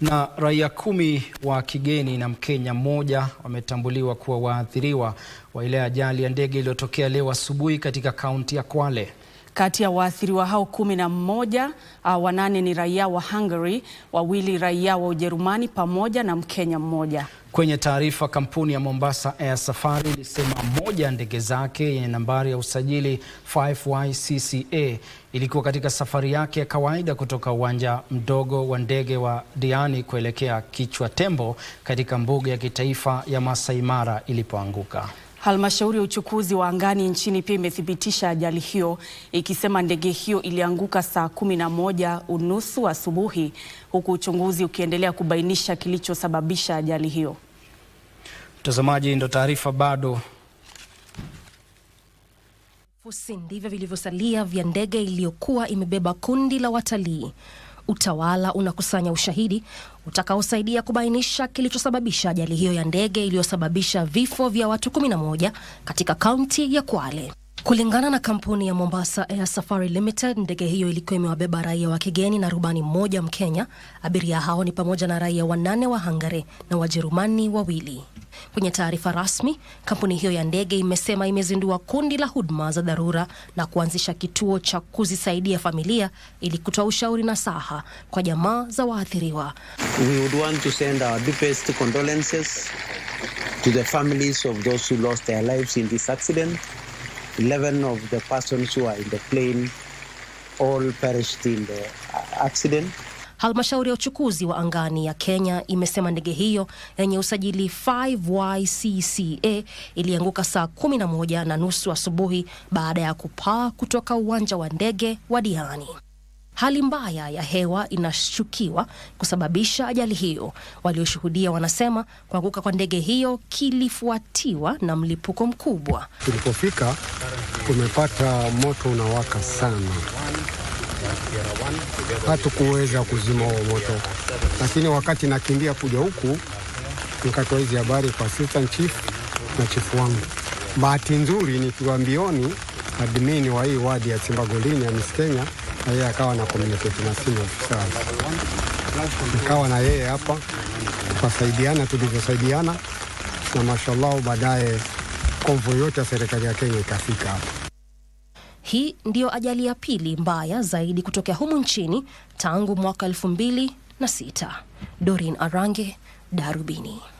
Na raia kumi wa kigeni na Mkenya mmoja wametambuliwa kuwa waathiriwa wa ile ajali ya ndege iliyotokea leo asubuhi katika kaunti ya Kwale. Kati ya waathiriwa hao kumi na mmoja, uh, ah, wanane ni raia wa Hungary, wawili raia wa Ujerumani pamoja na Mkenya mmoja. Kwenye taarifa, kampuni ya Mombasa Air Safari ilisema moja ya ndege zake yenye nambari ya usajili 5YCCA ilikuwa katika safari yake ya kawaida kutoka uwanja mdogo wa ndege wa Diani kuelekea Kichwa Tembo katika mbuga ya kitaifa ya Masai Mara ilipoanguka. Halmashauri ya uchukuzi wa angani nchini pia imethibitisha ajali hiyo ikisema ndege hiyo ilianguka saa kumi na moja unusu asubuhi huku uchunguzi ukiendelea kubainisha kilichosababisha ajali hiyo. Mtazamaji, ndo taarifa bado fusi ndivyo vilivyosalia vya ndege iliyokuwa imebeba kundi la watalii. Utawala unakusanya ushahidi utakaosaidia kubainisha kilichosababisha ajali hiyo ya ndege iliyosababisha vifo vya watu 11 katika kaunti ya Kwale. Kulingana na kampuni ya Mombasa Air Safari Limited, ndege hiyo ilikuwa imewabeba raia wa kigeni na rubani mmoja Mkenya. Abiria hao ni pamoja na raia wanane wa Hungary na Wajerumani wawili. Kwenye taarifa rasmi, kampuni hiyo ya ndege imesema imezindua kundi la huduma za dharura na kuanzisha kituo cha kuzisaidia familia ili kutoa ushauri na saha kwa jamaa za waathiriwa. We would want to send our deepest condolences to the families of those who lost their lives in this accident. 11 of the persons who are in the plane all perished in the accident. Halmashauri ya uchukuzi wa angani ya Kenya imesema ndege hiyo yenye usajili 5YCCA ilianguka saa kumi na moja na nusu asubuhi baada ya kupaa kutoka uwanja wa ndege wa Diani. Hali mbaya ya hewa inashukiwa kusababisha ajali hiyo. Walioshuhudia wanasema kuanguka kwa ndege hiyo kilifuatiwa na mlipuko mkubwa. Tulipofika tumepata moto unawaka sana, hatukuweza kuzima huo moto, lakini wakati nakimbia kuja huku nikatoa hizi habari kwa assistant chief na chifu wangu. Bahati nzuri nikiwa mbioni, admini wa hii wadi ya Simbagolini ya Miskenya Kenya na yeye akawa na communicate na simu ofisa, nikawa na yeye hapa, tukasaidiana tulivyosaidiana, na mashallah, baadaye konvoi yote ya serikali ya Kenya ikafika hapa. Hii ndiyo ajali ya pili mbaya zaidi kutokea humu nchini tangu mwaka elfu mbili na sita. dorin Arange, Darubini.